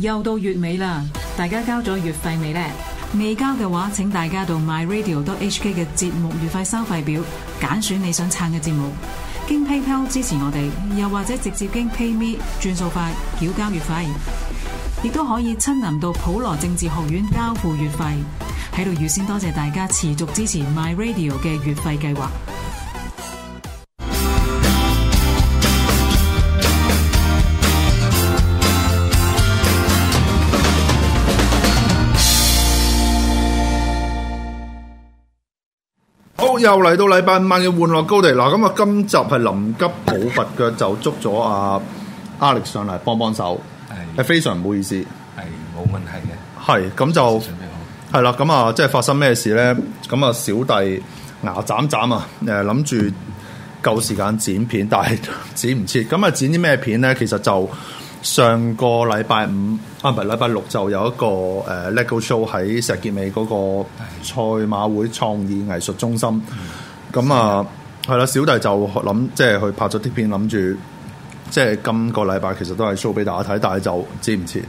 又到月尾啦，大家交咗月費未呢？未交嘅話，請大家到 MyRadio.hk 嘅節目月費收費表揀選你想撐嘅節目，經 PayPal 支持我哋，又或者直接經 PayMe 轉數快繳交月費，亦都可以親臨到普羅政治學院交付月費。喺度預先多謝大家持續支持 My Radio 嘅月費計劃。好，又嚟到禮拜五晚嘅玩樂高地嗱。咁啊今集係臨急抱佛腳 就捉咗阿 Alex 上嚟幫幫手。係、哎、非常唔好意思，係冇、哎、問題嘅。係咁就係啦。咁啊即係發生咩事咧？咁啊、嗯、小弟牙斬斬啊，誒諗住夠時間剪片，但係剪唔切。咁啊剪啲咩片咧？其實就。上個禮拜五啊，唔係禮拜六，就有一個誒 LEGO show 喺石硤尾嗰個賽馬會創意藝術中心。咁、嗯、啊，係啦的，小弟就諗即係去拍咗啲片，諗住即係今個禮拜其實都係 show 俾大家睇，但係就接唔切。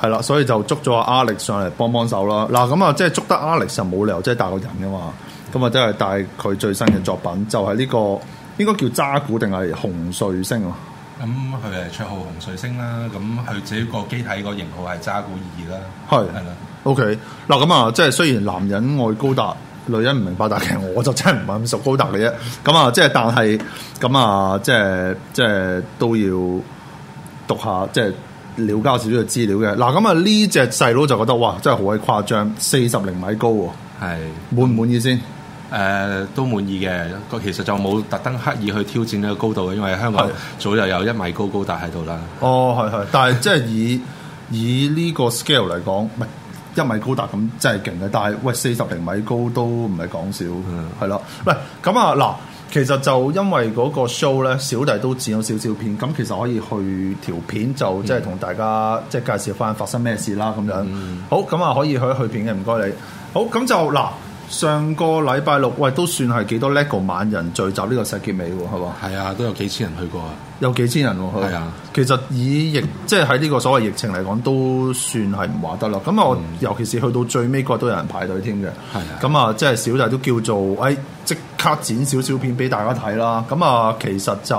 係啦的，所以就捉咗阿 Alex 上嚟幫幫手啦。嗱、啊，咁啊，即係捉得 Alex 就冇理由，即係大個人噶嘛。咁啊，即係帶佢最新嘅作品，就係、是、呢、這個應該叫紮古定係紅彗星。咁佢係綽號紅彗星啦，咁佢自己個機體個型號係揸古二啦，係係啦，OK 嗱、咁啊，即係雖然男人愛高達，女人唔明白嘅，我就真係唔係咁熟高達嘅啫。咁啊，即係但係，咁啊，即係即係都要讀下，即係了解少少資料嘅。嗱，咁啊呢隻細佬就覺得哇，真係好鬼誇張，四十零米高喎，係滿唔滿意先？誒、呃、都滿意嘅，個其實就冇特登刻意去挑戰呢個高度，因為香港是的 早又有一米高高達喺度啦。哦，係係，但係即係以 以呢個 scale 嚟講，唔係一米高達咁真係勁嘅。但係喂，四十釐米高都唔係講少，係咯、嗯？喂，係咁啊！嗱，其實就因為嗰個 show 咧，小弟都剪咗少少片，咁其實可以去條片就即係同大家、嗯、即係介紹翻發生咩事啦。咁樣、嗯、好，咁啊可以去去片嘅，唔該你。好，咁就嗱。上個禮拜六，喂，都算係幾多 LEGO 萬人聚集呢個石傑尾喎，係啊，都有幾千人去過啊。有幾千人喎，係啊。其實以疫，即係喺呢個所謂疫情嚟講，都算係唔話得咯。咁啊，嗯、尤其是去到最尾嗰日都有人排隊添嘅。係啊。咁啊，即係小弟都叫做，哎，即刻剪少少片俾大家睇啦。咁啊，其實就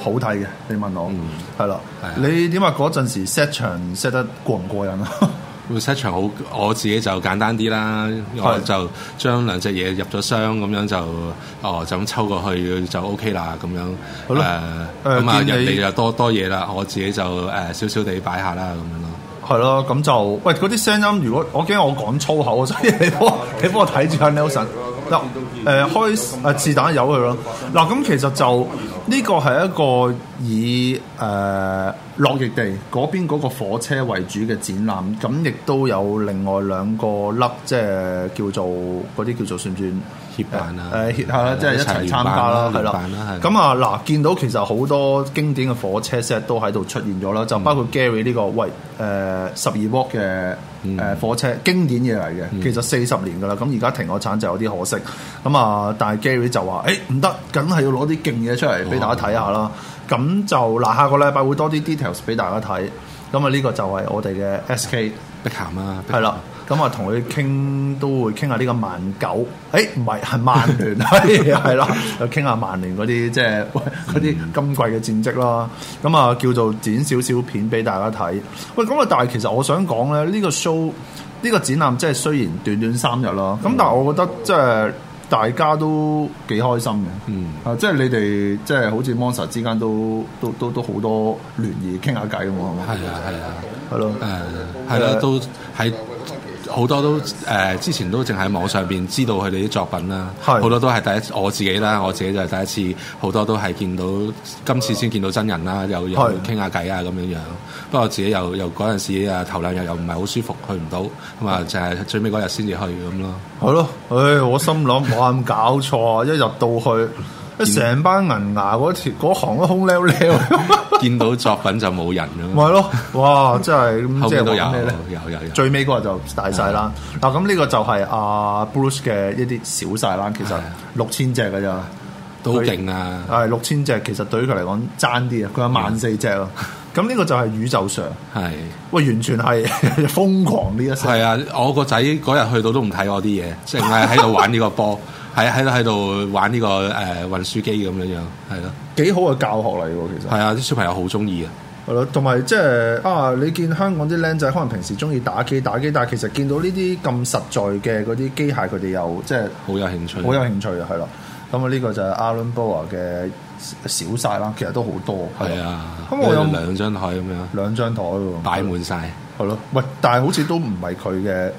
好睇嘅。你問我，係啦。你點話嗰陣時 set 場 set 得過唔過癮啊？ 會場好，我自己就簡單啲啦，的我就將兩隻嘢入咗箱咁樣，就哦就咁抽過去就 OK 啦咁樣，好咯了，咁啊人哋就多多嘢啦，我自己就誒少少地擺下啦咁樣咯，係咯，咁就喂，嗰啲聲音，如果我驚我講粗口，所以你幫你幫我睇住阿、啊、Nelson 嗱，誒、呃、開自打油佢咯。嗱、啊，咁、啊、其實就呢、這個係一個以誒、呃、落葉地嗰邊嗰個火車為主嘅展覽，咁亦都有另外兩個粒，即係叫做嗰啲叫做轉轉。協辦啊，誒、啊、協下啦，的即係一齊參加啦，係啦、啊。咁的啊嗱、啊，見到其實好多經典嘅火車 set 都喺度出現咗啦，嗯、就包括 Gary 呢、這個喂誒十二 V 嘅誒火車，嗯、經典嘢嚟嘅，嗯、其實四十年噶啦，咁而家停咗產就有啲可惜。咁啊，但係 Gary 就話誒唔得，梗、欸、係要攞啲勁嘢出嚟俾大家睇下啦。咁、哦、就嗱、啊，下個禮拜會多啲 details 俾大家睇。咁啊，呢個就係我哋嘅 SK 碧鹹啊，係啦。咁啊，同佢傾都會傾下呢個曼九，誒唔係，係曼聯，係係咯，又傾下曼聯嗰啲即係嗰啲今季嘅戰績啦。咁啊，叫做剪少少片俾大家睇。喂，咁啊，但係其實我想講咧，呢個 show 呢個展覽即係雖然短短三日啦，咁但係我覺得即係大家都幾開心嘅。嗯，即係你哋即係好似 Monster 之間都都都都好多聯誼傾下偈咁啊，係啊係啊，係咯誒係啦，都喺。好多都誒、呃，之前都淨喺網上邊知道佢哋啲作品啦。好是的 多都係第一我自己啦，我自己就係第一次，好多都係見到今次先見到真人啦，又又傾下偈啊咁樣樣。是的 不過自己又又嗰陣時啊頭兩日又唔係好舒服，去唔到咁啊，就係是的 最尾嗰日先至去咁咯。係咯，唉，我心諗冇咁搞錯啊！ 一入到去。成班銀牙嗰條嗰行都空溜溜，見到作品就冇人咯。咪係咯，哇！真係，後邊都有，有有。有。最尾嗰日就大晒啦。嗱，咁呢個就係阿 Bruce 嘅一啲小晒啦。其實六千隻㗎咋，都勁啊！係六千隻，其實對於佢嚟講爭啲啊。佢有萬四隻啊。咁呢個就係宇宙上係，喂，完全係瘋狂呢一世。係啊！我個仔嗰日去到都唔睇我啲嘢，淨係喺度玩呢個波。係喺度喺度玩呢個誒運輸機咁樣樣，係咯，幾好嘅教學嚟嘅其實。係啊，啲小朋友好中意啊。係咯，同埋即係啊，你見香港啲僆仔可能平時中意打機打機，但係其實見到呢啲咁實在嘅嗰啲機械，佢哋又即係好有興趣，好有興趣啊，係咯。咁啊呢個就係 Alan Boer 嘅小晒啦，其實都好多。係啊，咁的我有兩張台咁樣，兩張台喎，擺滿晒。係咯，喂，但係好似都唔係佢嘅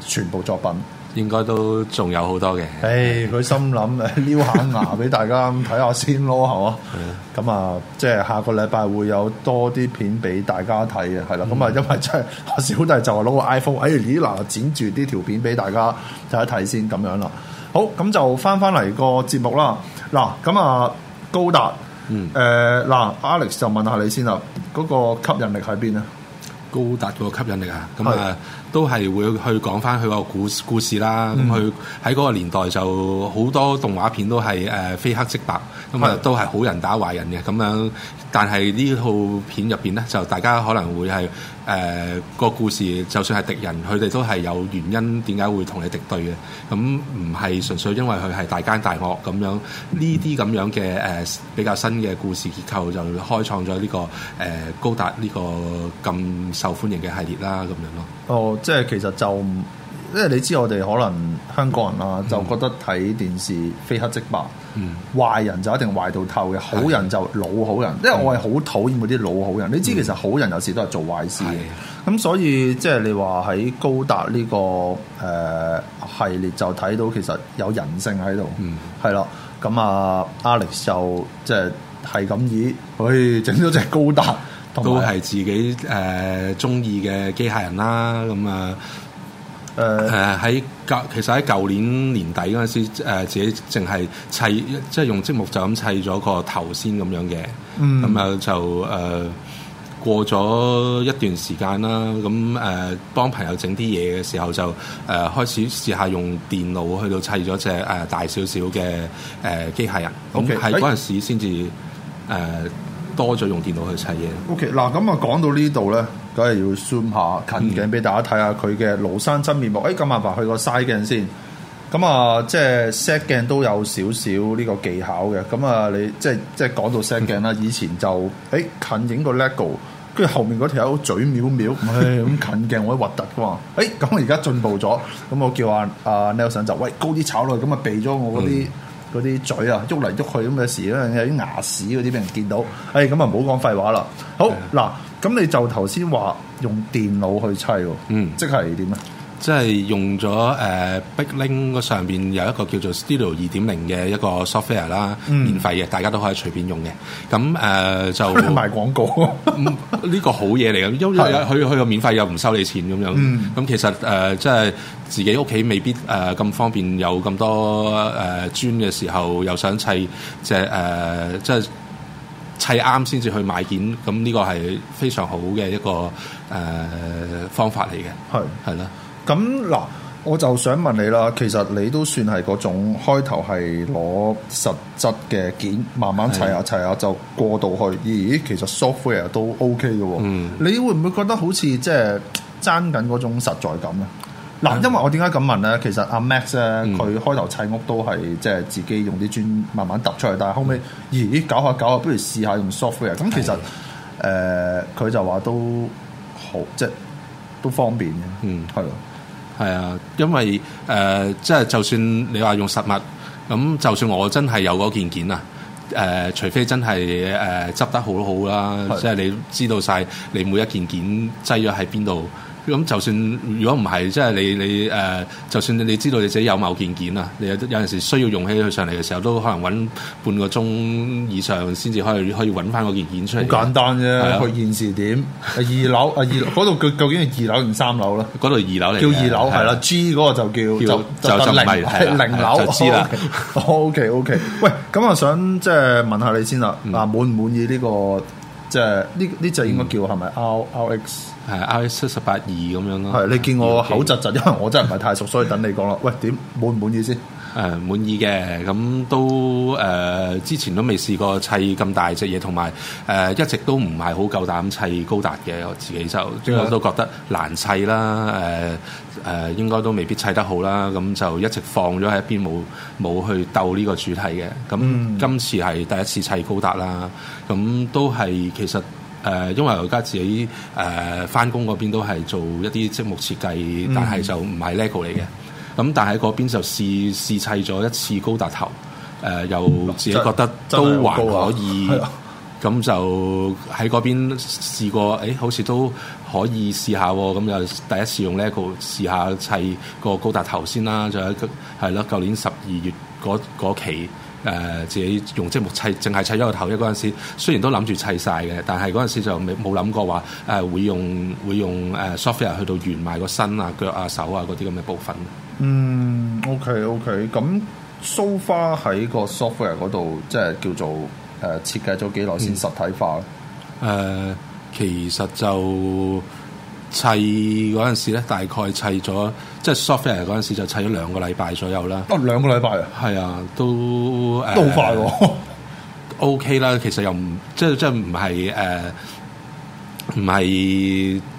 全部作品。應該都仲有好多嘅，誒、hey，佢心諗，撩下牙俾大家睇下先咯，係嘛，咁啊，即係下個禮拜會有多啲片俾大家睇嘅，係啦，咁啊、嗯，因為真係阿小弟就係攞個 iPhone，哎，咦，嗱，剪住啲條片俾大家睇一睇先，咁樣啦，好，咁就翻翻嚟個節目啦，嗱，咁啊，高達，誒、嗯，嗱、啊，Alex 就問下你先啦，嗰、那個吸引力喺邊啊？高達個吸引力啊，咁啊。都係會去講翻佢個故事故事啦，咁佢喺嗰個年代就好多動畫片都係誒、呃、非黑即白，咁啊都係好人打壞人嘅咁樣。但係呢套片入邊咧，就大家可能會係誒、呃、個故事，就算係敵人，佢哋都係有原因點解會同你敵對嘅，咁唔係純粹因為佢係大奸大惡咁樣。呢啲咁樣嘅誒、呃、比較新嘅故事結構，就開創咗呢、這個誒、呃、高達呢個咁受歡迎嘅系列啦，咁樣咯。哦。即係其實就，因為你知我哋可能香港人啊，嗯、就覺得睇電視非黑即白，壞、嗯、人就一定壞到透嘅，的好人就老好人。嗯、因為我係好討厭嗰啲老好人。你知其實好人有時都係做壞事嘅，咁的所以即係、就是、你話喺高達呢、這個誒、呃、系列就睇到其實有人性喺度，係啦、嗯。咁啊，Alex 就即係係咁意，佢整咗隻高達。都係自己誒中意嘅機械人啦，咁啊誒誒喺舊其實喺舊年年底嗰陣時、呃、自己淨係砌即係用積木就咁砌咗個頭先咁樣嘅，咁啊、嗯嗯、就誒、呃、過咗一段時間啦，咁、嗯、誒、呃、幫朋友整啲嘢嘅時候就誒、呃、開始試下用電腦去到砌咗隻誒、呃、大少少嘅誒機械人，咁喺嗰陣時先至誒。哎呃多咗用電腦去砌嘢。OK，嗱咁啊，講到呢度咧，梗係要 zoom 下近鏡俾大家睇下佢嘅廬山真面目。誒咁阿爸去個 size 先。咁啊、呃，即係 set 鏡都有少少呢個技巧嘅。咁啊，你即係即係講到 set 鏡啦。 以前就誒、欸、近影個 LEGO，跟住後面嗰條友嘴藐藐。唔、欸、咁 近鏡我，好核突嘅嘛。誒咁我而家進步咗，咁我叫阿阿 Nelson 就喂高啲炒落去，咁啊避咗我嗰啲。嗯嗰啲嘴啊，喐嚟喐去咁嘅事，嗰陣有啲牙齒嗰啲俾人見到，誒咁啊唔好講廢話啦。好嗱，咁的你就頭先話用電腦去砌喎，嗯、即係點啊？即係用咗誒、uh, BrickLink 上邊有一個叫做 Studio 二點零嘅一個 software 啦，嗯、免費嘅，大家都可以隨便用嘅。咁誒、uh, 就賣廣告，呢 個好嘢嚟嘅，因為佢佢個免費又唔收你錢咁樣。咁、嗯、其實誒、uh, 即係自己屋企未必誒咁、uh, 方便，有咁多誒、uh, 磚嘅時候，又想砌即係誒、uh, 即係砌啱先至去買件。咁呢個係非常好嘅一個誒、uh, 方法嚟嘅。係係啦。咁嗱、嗯，我就想問你啦。其實你都算係嗰種開頭係攞實質嘅件，慢慢砌下砌下就過到去。咦、欸，其實 software 都 OK 嘅。嗯、你會唔會覺得好似即係爭緊嗰種實在感咧？嗱、嗯，因為我點解咁問咧？其實阿、啊、Max 咧、啊，佢、嗯、開頭砌屋都係即係自己用啲磚慢慢揼出嚟，但係後尾咦、欸，搞下搞下，不如試下用 software。咁、嗯、其實誒，佢的、呃、就話都好，即係都方便嘅。嗯，係咯、嗯。係啊，因為誒、呃、即係就算你話用實物，咁就算我真係有嗰件件啊，誒、呃、除非真係誒執得好好啦，係啊，即係你知道晒你每一件件擠咗喺邊度。咁就算如果唔係，即係你你誒，就算你知道你自己有某件件啊，你有有陣時需要用起佢上嚟嘅時候，都可能揾半個鐘以上先至可以可以揾翻嗰件件出嚟。好簡單啫，去現時點？二樓啊，二樓，嗰度究竟係二樓定三樓咧？嗰度二樓嚟。叫二樓係啦，G 嗰個就叫就就就零係零樓。知啦，OK OK。喂，咁我想即係問下你先啦，啊滿唔滿意呢個即係呢呢隻應該叫係咪 R X？係 I 七十八二咁樣咯。係你見我口窒窒， 因為我真係唔係太熟，所以等你講啦。喂，點滿唔滿意先？誒、啊、滿意嘅，咁都誒、呃、之前都未試過砌咁大隻嘢，同埋誒一直都唔係好夠膽砌高達嘅，我自己就的我都覺得難砌啦。誒、呃、誒、呃、應該都未必砌得好啦。咁就一直放咗喺一邊，冇冇去鬥呢個主題嘅。咁、嗯、今次係第一次砌高達啦。咁都係其實。誒、呃，因為我而家自己誒翻工嗰邊都係做一啲積木設計，嗯、但係就唔係 LEGO 嚟嘅。咁、嗯、但喺嗰邊就試試砌咗一次高達頭，誒、呃、又自己覺得都還可以。咁就喺嗰邊試過。哎、好似都可以試下喎，哦。咁又第一次用呢、這個試下砌個高達頭先啦，仲有係咯。舊年十二月嗰、那個、期誒、呃、自己用積木砌，淨係砌咗個頭個。一，嗰陣時雖然都諗住砌晒嘅，但係嗰陣時就未冇諗過話誒、呃、會用會用誒 software 去到圓埋個身啊、腳啊、手啊嗰啲咁嘅部分。嗯，OK OK。咁 so far 喺個 software 嗰度即係叫做。誒設計咗幾耐先實體化咧，嗯呃？其實就砌嗰陣時咧，大概砌咗即係 software 嗰陣時就砌咗兩個禮拜左右啦。啊兩個禮拜啊？係啊，都誒、呃、都好快喎。 OK 啦，其實又唔即係即係唔係誒唔係。呃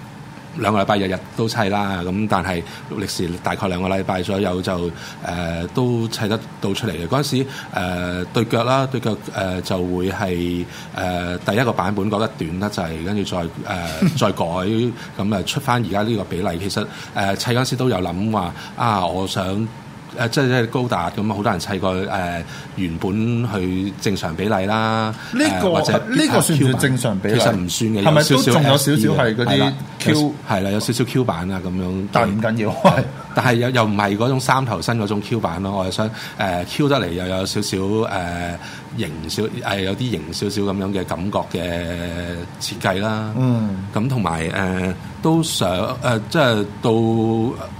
兩個禮拜日日都砌啦，咁但係歷時大概兩個禮拜左右就誒、呃、都砌得到出嚟嘅。嗰陣時誒對、呃、腳啦，對腳誒、呃、就會係誒、呃、第一個版本覺得短啦，就係跟住再誒、呃、再改，咁啊出翻而家呢個比例。其實誒砌嗰陣時都有諗話啊，我想。誒即係即係高達咁啊，好多人砌個誒原本去正常比例啦，呃呢個、或者呢這個，uh, 個算唔算正常比例？其實唔算嘅，係咪都仲有少少係嗰啲 Q？係啦，有少少 Q 版啊咁樣，但係唔緊要，但係、呃、 又又唔係嗰種三頭身嗰種 Q 版咯。我係想誒、呃、Q 得嚟又有少、呃、有少誒、呃、型少誒有啲型少少咁樣嘅感覺嘅設計啦。嗯。咁同埋誒都想誒即係到。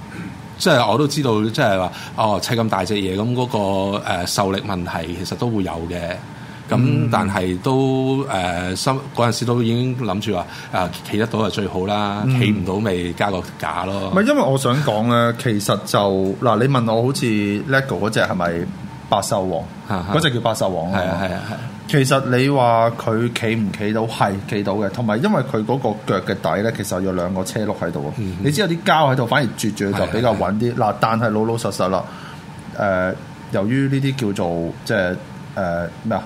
即係我都知道，即係話哦砌咁大隻嘢，咁嗰、嗰個、呃、受力問題其實都會有嘅。咁但係都誒，收嗰陣時都已經諗住話誒企得到就最好啦，企唔到咪加個架咯。唔、嗯、因為我想講咧，其實就嗱，你問我好似 LEGO 嗰隻係咪百獸王？嗰、啊啊、隻叫百獸王。係啊係啊係。其實你話佢企唔企到係企到嘅，同埋因為佢嗰個腳嘅底咧，其實有兩個車轆喺度啊！你知有啲膠喺度，反而絕住就比較穩啲。嗱，但係老老實實啦，誒，由於呢啲叫做即係誒咩啊，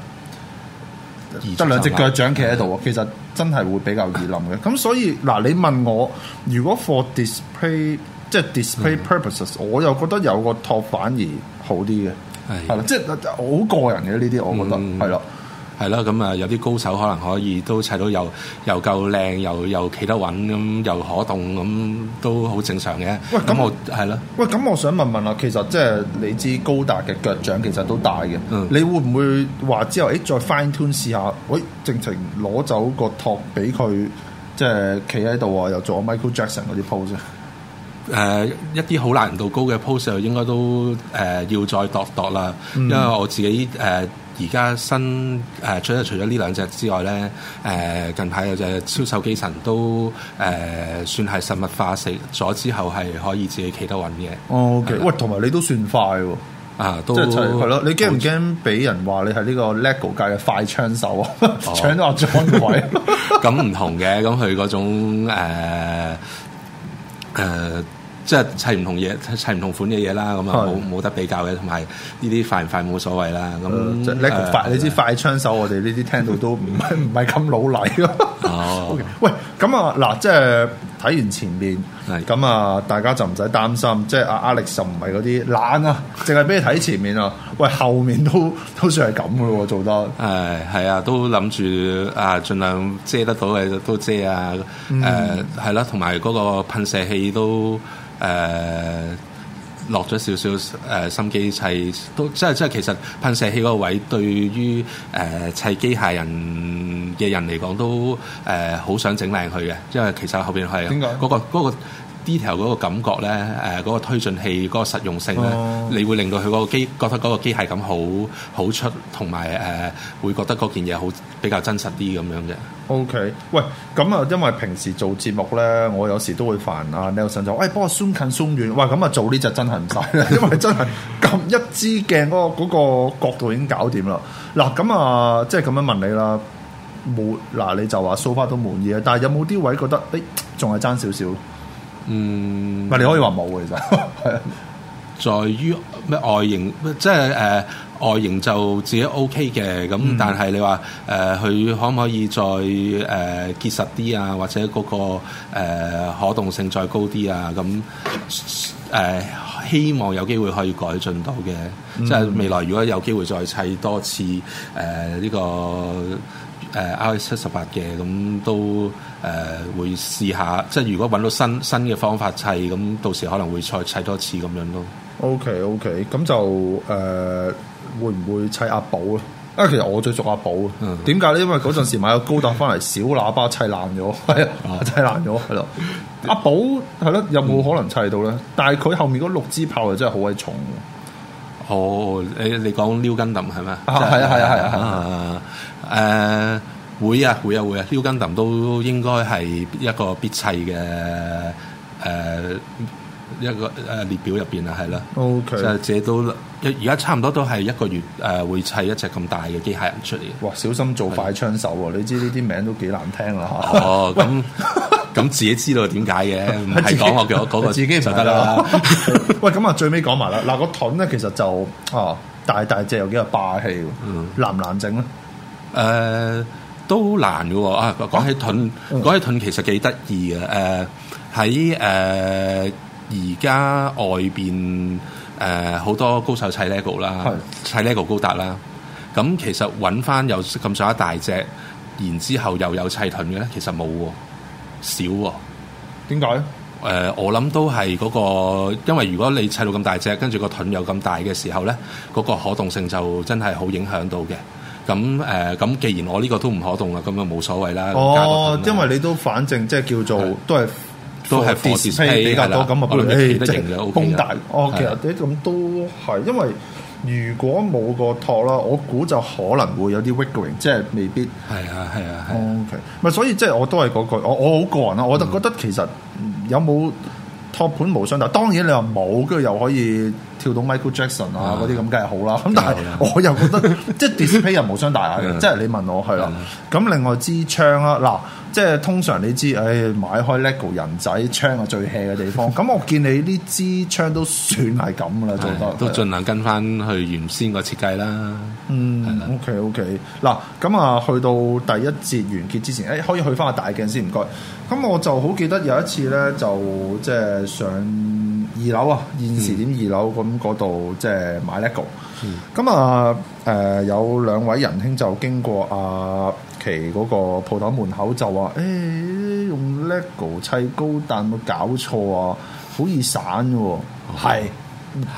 得兩隻腳掌企喺度啊，其實真係會比較易冧嘅。咁所以嗱，你問我，如果 for display 即係 display purposes，我又覺得有個托反而好啲嘅，係啦，即係好個人嘅呢啲，我覺得係咯。係咯，咁啊有啲高手可能可以都砌到又又夠靚，又又企得穩咁，又可動咁，都好正常嘅。喂，咁我係咯。喂，咁我想問問啊，其實即、就、係、是、你知高達嘅腳掌其實都大嘅，嗯、你會唔會話之後誒再 fine tune 試下？喂，正情攞走個托俾佢，即係企喺度啊，又做 Michael Jackson 嗰啲 pose。誒，一啲好難度高嘅 pose 應該都誒、呃、要再度度啦，嗯、因為我自己誒。呃而家新誒、呃、除咗除咗呢兩隻之外咧，誒、呃、近排有隻超手機神都誒、呃、算係實物化死咗之後，係可以自己企得穩嘅。O K，喂，同、okay. 埋、呃、你都算快喎、啊，啊都係咯、就是，你驚唔驚俾人話你係呢個 LEGO 界嘅快槍手， 搶咗阿裝鬼？咁唔同嘅，咁佢嗰種誒、呃呃即係砌唔同嘢，砌唔同款嘅嘢啦，咁啊冇冇得比較嘅，同埋呢啲快唔快冇所謂啦。咁叻快，你知、呃、快槍手我哋呢啲聽到都唔係唔係咁老利咯。 哦， okay, 喂，咁啊嗱，即係睇完前面，咁啊是大家就唔使擔心，即係阿 Alex 就唔係嗰啲懶啊，淨係俾你睇前面啊。喂，後面都都算係咁嘅喎，做得、嗯。誒係啊，都諗住啊，儘量遮得到嘅都遮啊。誒係啦，同埋嗰個噴射器都。誒落咗少少誒、呃、心機砌，都即係即係其實噴射器個位，對於誒砌機械人嘅人嚟講都誒好、呃、想整靚佢嘅，因為其實後邊係點解個、嗰個 detail 個感覺咧，誒、呃、嗰、嗰個、推進器個實用性咧，oh. 你會令到佢個機覺得個機械感好好出，同埋誒會覺得件嘢好比較真實啲咁樣嘅。O、okay. K，喂，咁啊，因為平時做節目咧，我有時都會煩啊 Nelson 就，喂，幫我鬆近鬆遠，哇，咁啊，做呢就真係唔使晒，因為真係撳一支鏡嗰個個角度已經搞掂啦。嗱、啊，咁啊，即係咁樣問你啦，冇，嗱、啊，你就話 so far 都滿意啊，但係有冇啲位覺得，誒、哎，仲係爭少少？嗯，唔你可以話冇嘅，其實係啊，在於咩外形，即係誒。Uh, 外形就自己 O K 嘅，咁但係你話誒，佢、呃、可唔可以再誒、呃、結實啲啊？或者嗰、那個、呃、可動性再高啲啊？咁誒、呃、希望有機會可以改進到嘅，嗯、即係未來如果有機會再砌多次誒呢、呃這個誒 RX 七十八嘅，咁、呃嗯、都誒、呃、會試下。即係如果揾到新新嘅方法砌，咁到時可能會再砌多次咁樣咯。O K O K，咁就誒。Uh 會唔會砌阿寶啊？啊，其實我最中意阿寶，點解咧？因為嗰陣時買個高達翻嚟，小喇叭砌爛咗，係砌爛咗係咯。阿寶係咯，有冇可能砌到咧？但係佢後面嗰六支炮又真係好鬼重。哦，你你講撩根頓係咪啊？係啊係啊係啊，誒會啊會啊會啊，撩根頓都應該係一個必砌嘅誒。一個誒列表入邊啊，係啦，Okay. 就係借到而家差唔多都係一個月誒、呃，會砌一隻咁大嘅機械人出嚟。哇！小心做快槍手喎、啊，的你知呢啲名都幾難聽啊！哦，咁咁自己知道點解嘅，唔係講我嘅、那、嗰、個、 自己就得啦。 是的 喂，咁啊最尾講埋啦，嗱、那個盾咧其實就哦、啊、大大隻又幾有霸氣，嗯、難唔難整咧？誒、呃、都難嘅喎啊！講起盾，講起盾其實幾得意嘅誒喺誒。啊。而家外邊誒好多高手砌 LEGO 啦，是砌 LEGO 高達啦，咁其實揾翻又咁上下大隻，然之後又有砌盾嘅咧，其實冇、啊、少喎、啊。點解咧？誒、呃，我諗都係嗰、那個，因為如果你砌到咁大隻，跟住個盾有咁大嘅時候咧，嗰、那個可動性就真係好影響到嘅。咁誒，咁、呃、既然我呢個都唔可動啦，咁就冇所謂啦。哦，因為你都反正即係叫做是都係。都係 display 比較多，咁啊，不如企得型嘅 O 大哦，其實一咁都係，因為如果冇個托啦，我估就可能會有啲 wiggling，即係未必。係啊，係啊，OK。唔係，所以即係我都係嗰句，我我好個人啊，我就覺得其實有冇托盤無傷大，當然你話冇，跟住又可以跳到 Michael Jackson 啊嗰啲咁，梗係好啦。咁但係我又覺得即係 display 無傷大，即係你問我係啦。咁另外支槍啊，嗱。即係通常你知，唉、哎，買開 lego 人仔槍啊最 hea 嘅地方。咁 我見你呢支槍都算係咁啦， 做得都盡量跟翻去原先個設計啦。嗯的，OK OK。嗱，咁啊，去到第一節完結之前，誒、哎，可以去翻個大鏡先，唔該。咁我就好記得有一次咧，就即、是、係上二樓啊，現時點二樓咁嗰度即係買 lego、嗯。咁啊，誒、呃、有兩位仁兄就經過啊。其，嗰個鋪頭門口就話，誒、哎、用 LEGO 砌高達咪搞錯啊，好易散嘅喎，係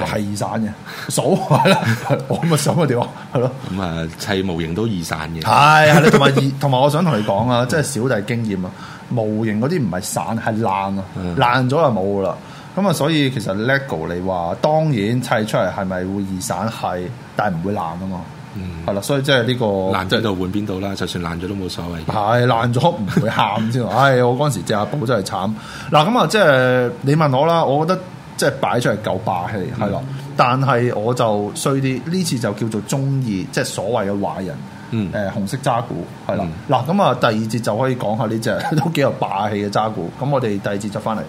係易散嘅，數係啦， 我咪數個點咯，係咯。咁啊，砌模型都易散嘅，係係同埋同埋，我想同你講啊，即係小弟經驗啊，模型嗰啲唔係散係爛啊，嗯、爛咗就冇啦。咁啊，所以其實 LEGO 你話，當然砌出嚟係咪會易散係，但係唔會爛啊嘛。嗯，係啦，所以即係呢、這個爛咗就換邊度啦，就算爛咗都冇所謂。係爛咗唔會喊先，唉、 哎！我嗰陣時隻阿寶真係慘。嗱咁啊，即係你問我啦，我覺得即係擺出嚟夠霸氣，係啦、嗯。但係我就衰啲，呢次就叫做中意即係所謂嘅壞人。嗯，誒、呃，紅色渣股係啦。嗱咁啊，第二節就可以講下呢隻都幾有霸氣嘅渣股。咁我哋第二節就翻嚟。